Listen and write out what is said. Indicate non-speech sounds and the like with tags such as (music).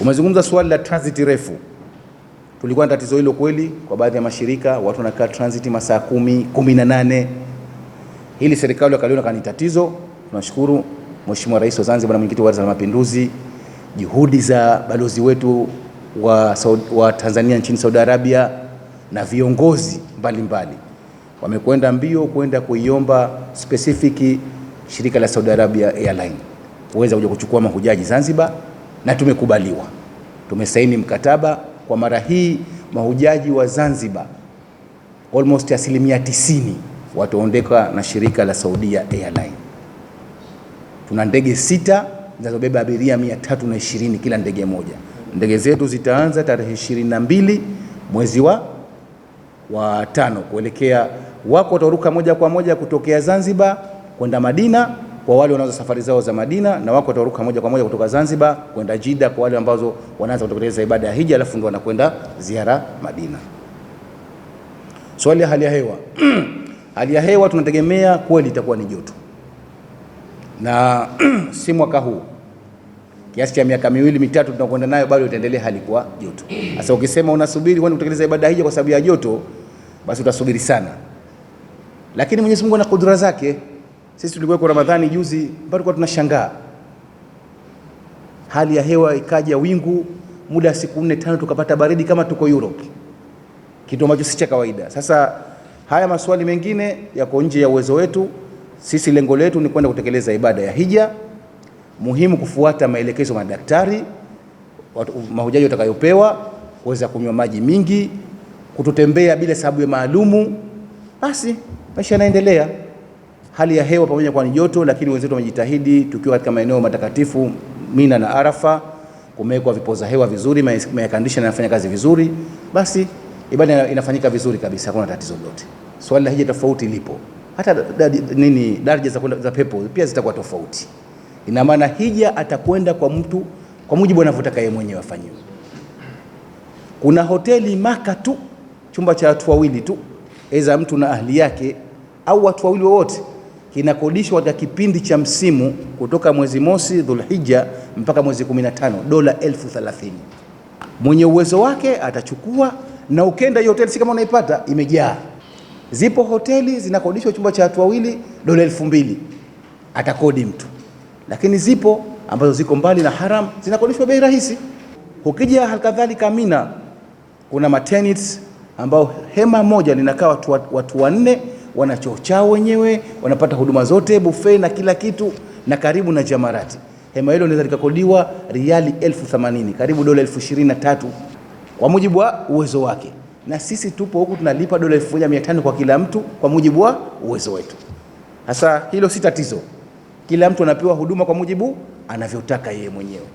Umezungumza swali la transit refu. Tulikuwa na tatizo hilo kweli, kwa baadhi ya mashirika watu wanakaa transit masaa kumi, kumi na nane. Hili serikali wakaliona kani tatizo. Tunashukuru Mheshimiwa Rais wa Zanzibar na mwenyekiti wa Baraza la Mapinduzi, juhudi za balozi wetu wa, wa Tanzania nchini Saudi Arabia na viongozi mbalimbali wamekwenda mbio kwenda kuiomba specific shirika la Saudi Arabia Airline kuweza kuja kuchukua mahujaji Zanzibar na tumekubaliwa, tumesaini mkataba kwa mara hii. Mahujaji wa Zanzibar almost asilimia tisini wataondeka na shirika la Saudia Airline. Tuna ndege sita zinazobeba abiria na ishirini kila ndege moja. Ndege zetu zitaanza tarehe mbili mwezi wa wa tano kuelekea, wako wataruka moja kwa moja kutokea Zanzibar kwenda Madina kwa wale wanaanza safari zao za Madina na wako wataruka moja kwa moja kutoka Zanzibar kwenda Jida, kwa wale ambazo wanaanza kutekeleza ibada ya hija alafu ndio wanakwenda ziara Madina. Swali ya hali ya hewa (clears throat) hali ya hewa tunategemea kweli itakuwa ni joto na (clears throat) si mwaka huu, kiasi cha miaka miwili mitatu tunakwenda nayo bado itaendelea hali kuwa joto. Sasa ukisema unasubiri kwani kutekeleza ibada hija kwa sababu ya joto, basi utasubiri sana, lakini Mwenyezi Mungu ana kudura zake. Sisi tulikuwa kwa Ramadhani juzi mpaka tulikuwa tunashangaa hali ya hewa ikaja wingu, muda wa siku nne tano tukapata baridi kama tuko Europe, kitu ambacho si cha kawaida. Sasa haya maswali mengine yako nje ya uwezo wetu sisi. Lengo letu ni kwenda kutekeleza ibada ya hija, muhimu kufuata maelekezo madaktari, mahujaji watakayopewa, kuweza kunywa maji mingi, kutotembea bila sababu maalumu, basi maisha yanaendelea hali ya hewa pamoja kwa ni joto, lakini wenzetu wamejitahidi, tukiwa katika maeneo matakatifu Mina na Arafa, kumewekwa vipoza hewa vizuri, air conditioner inafanya kazi vizuri, basi ibada inafanyika vizuri kabisa, hakuna tatizo lolote. Swali la hija tofauti lipo, hata da, da, nini daraja za kwenda za pepo pia zitakuwa tofauti. Ina maana hija atakwenda kwa mtu kwa mujibu anavyotaka yeye mwenyewe afanyiwe. Kuna hoteli Maka tu chumba cha watu wawili tu, aidha mtu na ahli yake au watu wawili wowote kinakodishwa katika kipindi cha msimu kutoka mwezi mosi Dhulhija mpaka mwezi 15, dola elfu thelathini. Mwenye uwezo wake atachukua, na ukenda hiyo hoteli, si kama unaipata imejaa. Zipo hoteli zinakodishwa chumba cha watu wawili dola elfu mbili atakodi mtu, lakini zipo ambazo ziko mbali na haram zinakodishwa bei rahisi. Ukija halikadhalika Mina kuna matenites ambao hema moja linakaa watu wanne wana wenyewe, wanapata huduma zote buffet na kila kitu, na karibu na Jamarati. Hema hilo linaweza likakodiwa riali elfu themanini karibu dola elfu ishirini na tatu kwa mujibu wa uwezo wake, na sisi tupo huku tunalipa dola elfu moja mia tano kwa kila mtu kwa mujibu wa uwezo wetu. Sasa hilo si tatizo, kila mtu anapewa huduma kwa mujibu anavyotaka yeye mwenyewe.